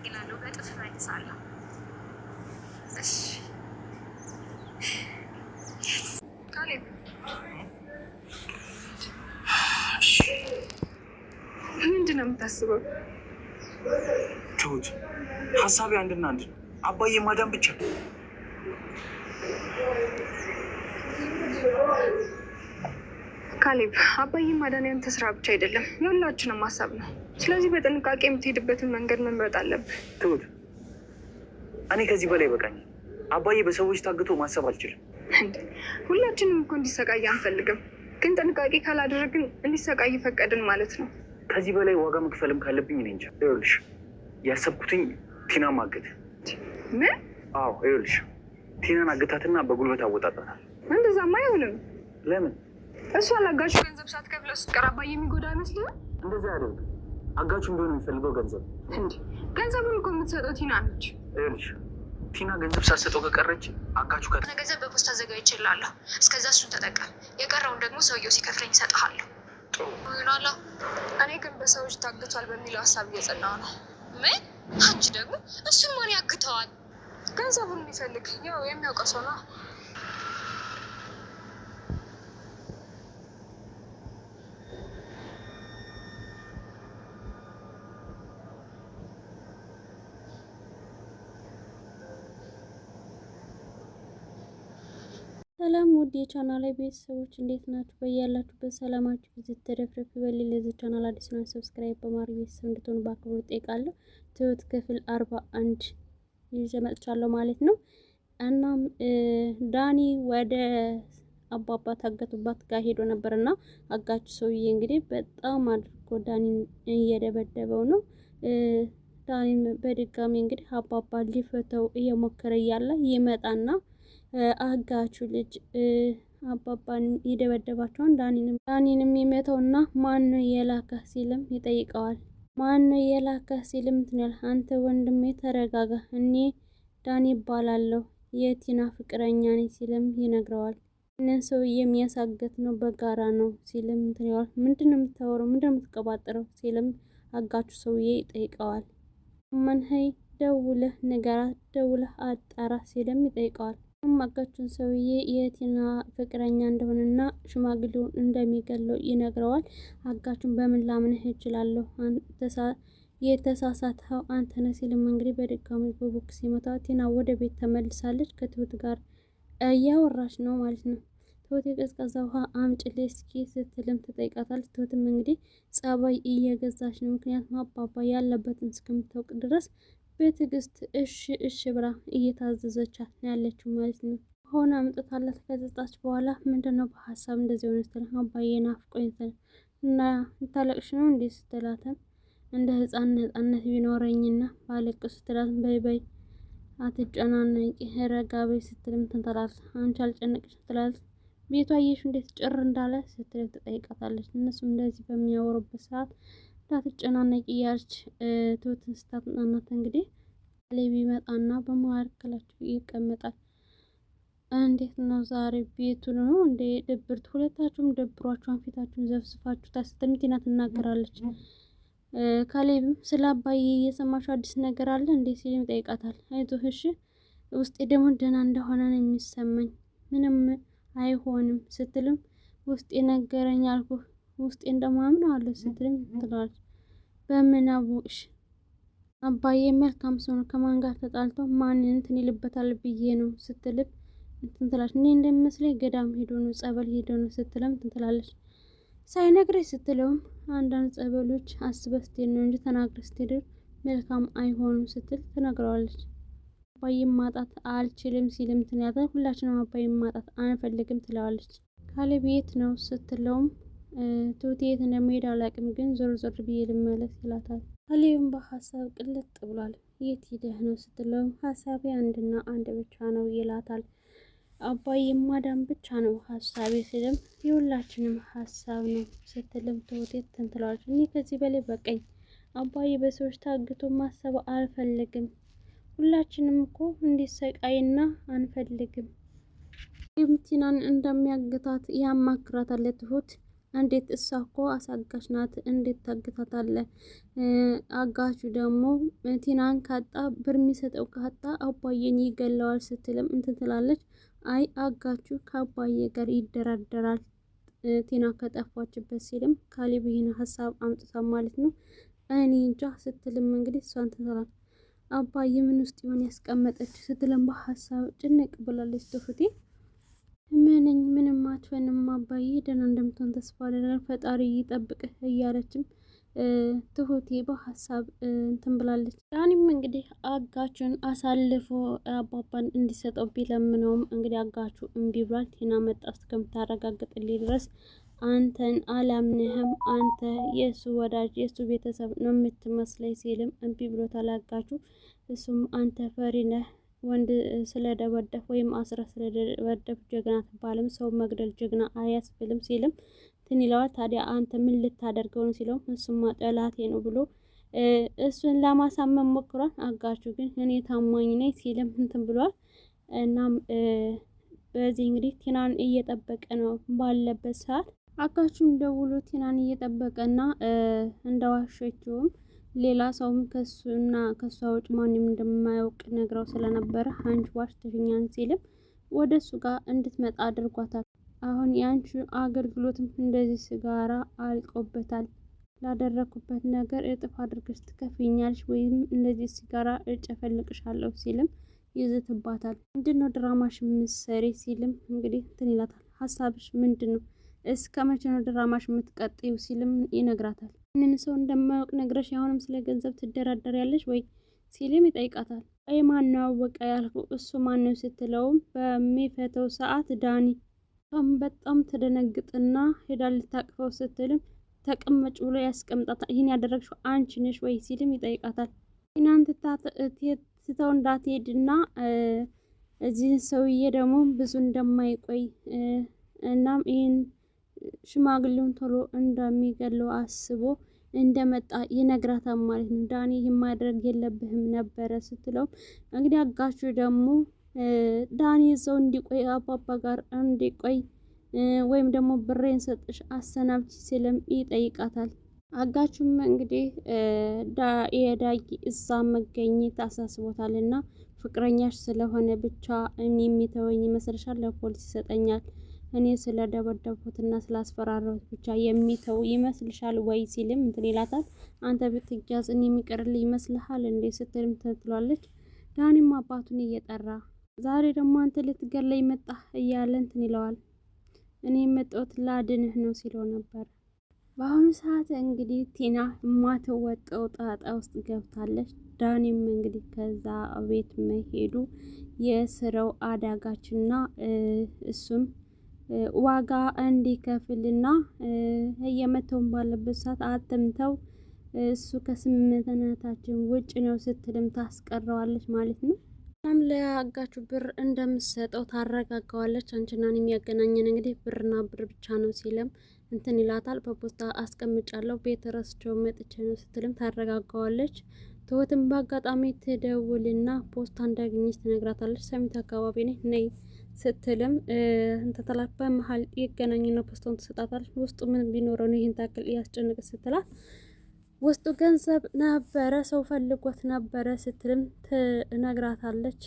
አመሰግናለሁ። በጥፍ መልሳለሁ። ምንድን ነው የምታስበው? ጆጅ ሀሳቤ አንድና አንድ ነው፣ አባዬ ማዳን ብቻ ካሌብ አባዬ ማዳን ያንተ ስራ ብቻ አይደለም፣ የሁላችንም ሀሳብ ነው። ስለዚህ በጥንቃቄ የምትሄድበትን መንገድ መምረጥ አለብህ። ትሁት፣ እኔ ከዚህ በላይ በቃኝ። አባዬ በሰዎች ታግቶ ማሰብ አልችልም። ሁላችንም እኮ እንዲሰቃይ አንፈልግም፣ ግን ጥንቃቄ ካላደረግን እንዲሰቃይ ፈቀድን ማለት ነው። ከዚህ በላይ ዋጋ መክፈልም ካለብኝ እኔ እንጃ። ይኸውልሽ ያሰብኩትኝ ቲና ማገት። ምን? አዎ፣ ይኸውልሽ ቲናን አግታትና በጉልበት አወጣጣታል። እንደዛማ አይሆንም። ለምን? እሷ ለጋሹ ገንዘብ ሳትከፍል ስትቀር አባዬ የሚጎዳ አይመስልህም? እንደዛ አይደለም አጋቹም ቢሆን የሚፈልገው ገንዘብ እንዴ! ገንዘቡን እኮ የምትሰጠው ቲና ነች። እሺ ቲና ገንዘብ ሳትሰጠው ከቀረች አጋችሁ ከ ገንዘብ በፖስት አዘጋጅቼልሃለሁ። እስከዛ እሱን ተጠቀም። የቀረውን ደግሞ ሰውየው ሲከፍለኝ እሰጥሃለሁ። ጥሩ እኔ ግን በሰዎች ታግቷል በሚለው ሀሳብ እየጸናው ነው። ምን? አንቺ ደግሞ እሱን ማን ያግተዋል? ገንዘቡን የሚፈልግ ያው የሚያውቀው ሰው ነው። ሰላም ውድ የቻናል ላይ ቤተሰቦች እንዴት ናችሁ? በያላችሁበት ሰላማችሁ ብዙ ተደፍረፍ ይበል። ለዚህ ቻናል አዲስ ነው ሰብስክራይብ በማድረግ ቤተሰብ እንድትሆኑ በአክብሮት ጠይቃለሁ። ትሁት ክፍል አርባ አንድ ይዤ መጥቻለሁ ማለት ነው። እናም ዳኒ ወደ አባባ ታገቱባት ጋር ሄዶ ነበርና አጋች ሰውዬ እንግዲህ በጣም አድርጎ ዳኒን እየደበደበው ነው። ዳኒን በድጋሚ እንግዲህ አባባ ሊፈተው እየሞከረ እያለ ይመጣና አጋቹ ልጅ አባባን ይደበደባቸውን ዳኒንም ዳኒንም ይመተውና ማን ነው የላከህ ሲልም ይጠይቀዋል። ማን ነው የላከህ ሲልም ትንል አንተ ወንድሜ ተረጋጋ፣ እኔ ዳኒ ይባላለሁ የቲና ፍቅረኛ ነኝ ሲልም ይነግረዋል። እነን ሰው የሚያሳገት ነው በጋራ ነው ሲልም ትንል ምንድን ነው የምታወረው? ምንድን ነው የምትቀባጥረው? ሲልም አጋቹ ሰውዬ ይጠይቀዋል። መንሀይ ደውለህ ንገራት፣ ደውለህ አጣራ ሲልም ይጠይቀዋል። አጋቹን ሰውዬ የቲና ፍቅረኛ እንደሆነና ሽማግሌውን እንደሚገለው ይነግረዋል። አጋቹን በምን ላምንህ እችላለሁ? የተሳሳተው አንተነህ ሲልም እንግዲህ በድጋሚ በቦክ ሲመታ ቲና ወደ ቤት ተመልሳለች። ከትሁት ጋር እያወራች ነው ማለት ነው። ትሁት የቀዝቀዛ ውሃ አምጪልኝ እስኪ ስትልም ትጠይቃታለች። ትሁትም እንግዲህ ጸባይ እየገዛች ነው፣ ምክንያቱም አባባ ያለበትን እስከምታውቅ ድረስ በትዕግስት እሺ እሺ ብላ እየታዘዘቻት ነው ያለችው ማለት ነው። ሆነ አምጥታለት ከዘጣች በኋላ ምንድን ነው በሀሳብ እንደዚህ ሆነ ስትላት አባዬ ናፍቆኝ እና ታለቅሽ ነው እንዴ ስትላትም እንደ ህፃን ነፃነት ቢኖረኝና ባለቅ ስትላት በይ በይ አትጨናነቂ ረጋ በይ ስትልም ትንተላል አንቺ አልጨነቅሽ ስትላት ቤቷ አየሽ እንዴት ጭር እንዳለ ስትልም ትጠይቃታለች። እነሱም እንደዚህ በሚያወሩበት ሰዓት እንዳትጨናነቂ እያለች ትሁትን ስታጽናናት እንግዲህ ካሌብ ይመጣና በመካከላቸው ይቀመጣል። እንዴት ነው ዛሬ ቤቱ ነው እንደ ድብርት ሁለታችሁም ደብሯችኋን ፊታችሁን ዘብስፋችሁ ታስተም ትናገራለች። ካሌብም ስለ አባዬ እየሰማችሁ አዲስ ነገር አለ እንዴ ሲልም ጠይቃታል አይዞህ እሺ ውስጤ ደግሞ ደህና እንደሆነ ነው የሚሰማኝ ምንም አይሆንም ስትልም ውስጥ የነገረኝ አልኩህ ውስጤ እንደማምን አለ ስትልም ትለዋለች። በምን አወቅሽ አባዬ መልካም ሰው ነው። ከማን ጋር ተጣልቶ ማን እንትን ይልበታል ብዬ ነው ስትልብ እንትን ትላለች። እኔ እንደሚመስለኝ ገዳም ሄዶ ነው ጸበል ሄዶ ነው ስትለም እንትን ትላለች። ሳይነግረኝ ስትለውም አንዳንድ ጸበሎች አስበህ ስትሄድ ነው እንጂ ተናግረህ ስትሄድ መልካም አይሆኑም ስትል ትነግረዋለች። አባዬን ማጣት አልችልም ሲልም ትንያተ ሁላችንም አባዬን ማጣት አንፈልግም ትለዋለች። ካሌብ የት ነው ስትለውም ትሁት የት እንደሚሄድ አላውቅም፣ ግን ዞር ዞር ብዬ ልመለስ ይላታል። አሊዩም በሀሳብ ቅልጥ ብሏል። የት ሂደህ ነው ስትለውም ሀሳቢ አንድና አንድ ብቻ ነው ይላታል። አባይ ማዳም ብቻ ነው ሀሳቤ ስልም የሁላችንም ሀሳብ ነው ስትልም ትሁት ትንትለዋለች። እኔ ከዚህ በላይ በቀኝ አባይ በሰዎች ታግቶ ማሰብ አልፈልግም። ሁላችንም እኮ እንዲሰቃይና አንፈልግም። ቲናን እንደሚያግታት ያማክራታል ትሁት እንዴት እሷ እኮ አሳጋች ናት፣ እንዴት ታግታታለ? አጋቹ ደግሞ ቲናን ካጣ ብር የሚሰጠው ካጣ አባዬን ይገለዋል ስትልም እንትን ትላለች። አይ አጋቹ ከአባዬ ጋር ይደራደራል ቲና ከጠፋችበት ሲልም ካሌብ ይህን ሀሳብ አምጥታ ማለት ነው እኔ እንጃ ስትልም እንግዲህ እሷን ትላለች። አባዬ ምን ውስጥ ይሆን ያስቀመጠች ስትልም በሀሳብ ጭንቅ ብላለች ትሁቴ ምንኝ ምንም አትሆንም አባዬ ደህና እንደምትሆን ተስፋ አደርጋለሁ ፈጣሪ ይጠብቅህ እያለችም ትሁቴ በሀሳብ እንትን ብላለች። ዳኒም እንግዲህ አጋቹን አሳልፎ አባባን እንዲሰጠው ቢለምነውም እንግዲህ አጋቹ እምቢ ብሏል። ቴና መጣ እስከምታረጋግጥልኝ ድረስ አንተን አላምንህም፣ አንተ የእሱ ወዳጅ የእሱ ቤተሰብ ነው የምትመስለኝ ሲልም እምቢ ብሎታል አጋቹ። እሱም አንተ ፈሪ ነህ ወንድ ስለደበደፍ ወይም አስረ ስለደበደፍ ጀግና ትባልም ሰው መግደል ጀግና አያስብልም ሲልም እንትን ይለዋል። ታዲያ አንተ ምን ልታደርገው ነው ሲለው፣ እሱማ ጠላቴ ነው ብሎ እሱን ለማሳመን ሞክሯል። አጋቹ ግን እኔ ታማኝ ነኝ ሲልም እንትን ብሏል። እናም በዚህ እንግዲህ ቲናን እየጠበቀ ነው ባለበት ሰዓት አጋቹም ደውሎ ቲናን እየጠበቀ እና እንደዋሸችውም ሌላ ሰውም ከሱና ከሷ ውጭ ማንም እንደማያውቅ ነግረው ስለነበረ አንቺ ዋሽተሽኛን ሲልም ወደ እሱ ጋር እንድትመጣ አድርጓታል። አሁን የአንቺ አገልግሎትም እንደዚህ ስጋራ አልቆበታል። ላደረግኩበት ነገር እጥፍ አድርገሽ ትከፍኛለሽ ወይም እንደዚህ ስጋራ እጨፈልቅሻለሁ ሲልም ይዝትባታል። ምንድን ነው ድራማሽ ምሰሪ ሲልም እንግዲህ እንትን ይላታል። ሀሳብሽ ምንድን ነው? እስከ መቼ ነው ድራማሽ የምትቀጥዩ ሲልም ይነግራታል። ይህንን ሰው እንደማያውቅ ነግረሽ አሁንም ስለ ገንዘብ ያለሽ ወይ ሲልም ይጠይቃታል። ማን ነው አወቀ ያልኩ እሱ ነው ስትለውም በሚፈተው ሰዓት ዳኒ በጣም ተደነግጥና ሄዳ ልታቅፈው ስትልም ተቀመጭ ብሎ ያስቀምጣታል። ይህን ያደረግሽው አንቺ ነሽ ወይ ሲልም ይጠይቃታል። ይህናን እንዳትሄድ እንዳትሄድና እዚህን ሰውዬ ደግሞ ብዙ እንደማይቆይ እናም ይህን ሽማግሌውን ቶሎ እንደሚገለው አስቦ እንደመጣ ይነግራታል ማለት ነው። ዳኒ ይህን ማድረግ የለብህም ነበረ ስትለው እንግዲህ አጋቹ ደግሞ ዳኒ እዛው እንዲቆይ አባባ ጋር እንዲቆይ ወይም ደግሞ ብሬን ሰጥሽ አሰናብች ሲልም ይጠይቃታል። አጋቹም እንግዲህ የዳጊ እዛ መገኘት አሳስቦታል እና ፍቅረኛሽ ስለሆነ ብቻ የሚተወኝ ይመስልሻል? ለፖሊስ ይሰጠኛል እኔ ስለደበደብኩትና ስላስፈራረሁት ብቻ የሚተው ይመስልሻል ወይ ሲልም እንትን ይላታል። አንተ ብትጃዝ እኔ የሚቀርልህ ይመስልሃል እንዴ ስትልም ትትሏለች። ዳኒም አባቱን እየጠራ ዛሬ ደግሞ አንተ ልትገለኝ መጣህ እያለ እንትን ይለዋል። እኔ የመጣሁት ላድንህ ነው ሲለው ነበር። በአሁኑ ሰዓት እንግዲህ ቲና የማትወጣው ጣጣ ውስጥ ገብታለች። ዳኒም እንግዲህ ከዛ ቤት መሄዱ የስረው አዳጋችና እሱም ዋጋ እንዲከፍልና እየመተውን ባለበት ሰዓት አትምተው እሱ ከስምምነታችን ውጭ ነው ስትልም ታስቀረዋለች ማለት ነው። በጣም ለአጋቹ ብር እንደምትሰጠው ታረጋጋዋለች። አንችናን የሚያገናኘን እንግዲህ ብርና ብር ብቻ ነው ሲለም እንትን ይላታል። በፖስታ አስቀምጫለሁ ቤት ረስቸው መጥቼ ነው ስትልም ታረጋጋዋለች። ትሁትም በአጋጣሚ ትደውልና ፖስታ እንዳገኘች ትነግራታለች። ሰሚት አካባቢ ነኝ ነይ ስትልም እንትትላት በመሀል ይገናኝና ፖስቶን ትሰጣታለች። ውስጡ ምን ቢኖረው ነው ይህን ታክል እያስጨንቅ ስትላት ውስጡ ገንዘብ ነበረ፣ ሰው ፈልጎት ነበረ ስትልም ትነግራታለች።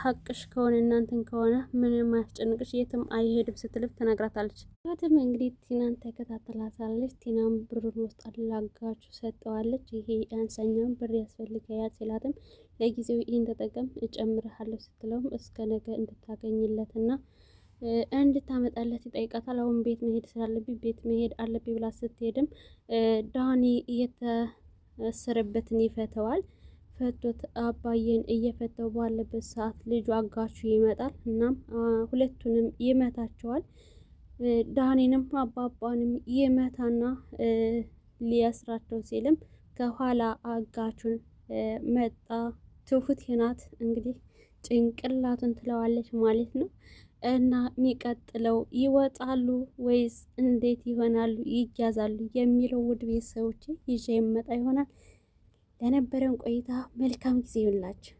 ሀቅሽ ከሆነ እናንተን ከሆነ ምንም አያስጨንቅሽ የትም አይሄድም ስትልብ ተናግራታለች። እህትም እንግዲህ ቲናን ተከታተላታለች። ቲናም ብሩን ውስጥ አላጋች ሰጠዋለች። ይሄ አንሰኛውን ብር ያስፈልገያል ሲላትም ለጊዜው ይህን ተጠቀም እጨምርሃለሁ ስትለውም እስከ ነገ እንድታገኝለት እና እንድታመጣለት ይጠይቃታል። አሁን ቤት መሄድ ስላለብኝ ቤት መሄድ አለብኝ ብላ ስትሄድም ዳኒ እየተሰረበትን ይፈተዋል። ፈቶት አባዬን እየፈተው ባለበት ሰዓት ልጁ አጋቹ ይመጣል። እናም ሁለቱንም ይመታቸዋል። ዳኔንም አባባንም ይመታና ሊያስራቸው ሲልም ከኋላ አጋቹን መጣ። ትሁት ናት እንግዲህ ጭንቅላቱን ትለዋለች ማለት ነው። እና የሚቀጥለው ይወጣሉ ወይስ እንዴት ይሆናሉ ይያዛሉ የሚለው ውድ ቤተሰቦች ይዤ የመጣ ይሆናል። ለነበረን ቆይታ መልካም ጊዜ ይሁንላችሁ።